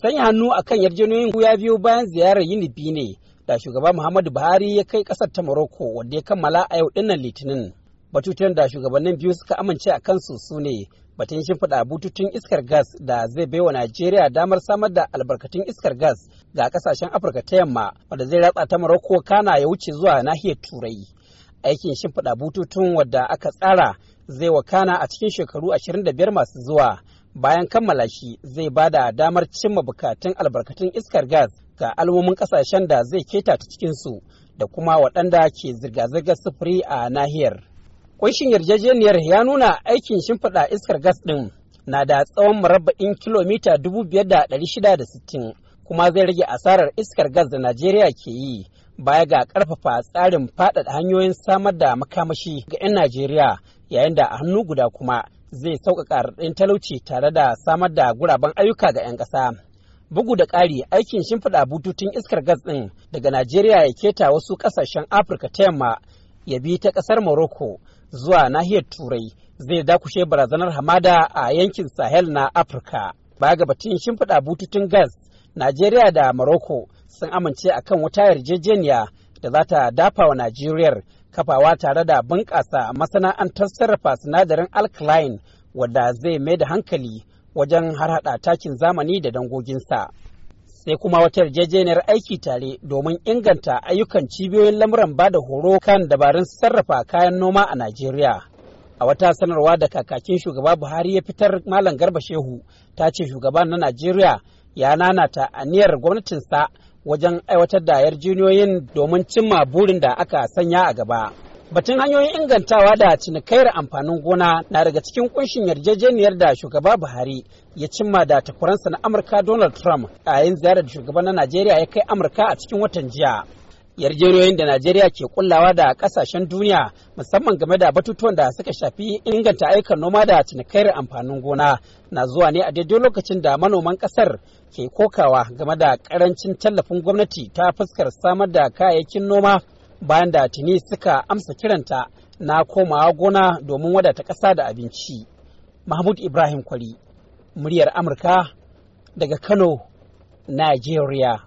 sanya hannu a kan yarjejeniyoyin ya biyo bayan ziyarar yinibi ne da shugaba muhammadu buhari ya kai kasar ta morocco wanda ya kammala a yau dinnan litinin batutuwan da shugabannin biyu suka amince a kansu su ne batun shimfiɗa bututun iskar gas da zai bai wa najeriya damar samar da albarkatun iskar gas ga kasashen afirka ta yamma wanda zai ratsa ta morocco kana ya wuce zuwa nahiyar turai aikin shimfiɗa bututun wadda aka tsara zai wakana a cikin shekaru 25 masu zuwa bayan kammala shi zai ba da damar cimma bukatun albarkatun iskar gas ga al'ummomin kasashen da zai keta ta cikinsu da kuma waɗanda ke zirga-zirgar sufuri a nahiyar. Ƙunshin yarjejeniyar ya nuna aikin shimfiɗa iskar gas ɗin na da tsawon murabba'in kilomita 5,660 kuma zai rage asarar iskar gas da Najeriya ke yi baya ga ƙarfafa tsarin faɗaɗa hanyoyin samar da makamashi ga 'yan Najeriya yayin da a hannu guda kuma zai sauƙaƙa raɗin talauci tare da samar da guraben ayyuka ga 'yan ƙasa. Bugu da ƙari aikin shimfiɗa bututun iskar gas ɗin daga Najeriya ya keta wasu ƙasashen Afirka ta yamma ya bi ta ƙasar Morocco zuwa nahiyar Turai zai dakushe barazanar hamada a yankin Sahel na Afirka. Baya ga batun shimfiɗa bututun gas, Najeriya da Morocco sun amince akan wata yarjejeniya da za ta dafa wa Najeriyar kafawa tare da bunƙasa masana'antar sarrafa sinadarin alkaline wadda zai mai da hankali wajen harhaɗa takin zamani da dangoginsa. Sai kuma wata yarjejeniyar aiki tare domin inganta ayyukan cibiyoyin lamuran ba da horo kan dabarun sarrafa kayan noma a Najeriya. A wata sanarwa da kakakin shugaba Buhari ya fitar Malam Garba Shehu ta ce shugaban na Najeriya ya nanata aniyar gwamnatinsa wajen aiwatar da yarjiniyoyin domin cimma burin da aka sanya a gaba. Batun hanyoyin ingantawa da cinikayar amfanin gona na daga cikin kunshin yarjejeniyar da shugaba Buhari ya cimma da takwaransa na Amurka Donald Trump a yayin ziyarar da shugaban na Najeriya ya kai Amurka a cikin watan jiya. yarjejeniyoyin da Najeriya ke kullawa da kasashen duniya musamman game da batutuwan da suka shafi inganta ayyukan noma da cinikayyar amfanin gona na zuwa ne a daidai lokacin da manoman kasar ke kokawa game da karancin tallafin gwamnati ta fuskar samar da kayayyakin noma bayan da tuni suka amsa kiranta na komawa gona domin wadata ƙasa da abinci. Mahmud Ibrahim Kwari, muryar Amurka daga Kano, Nigeria.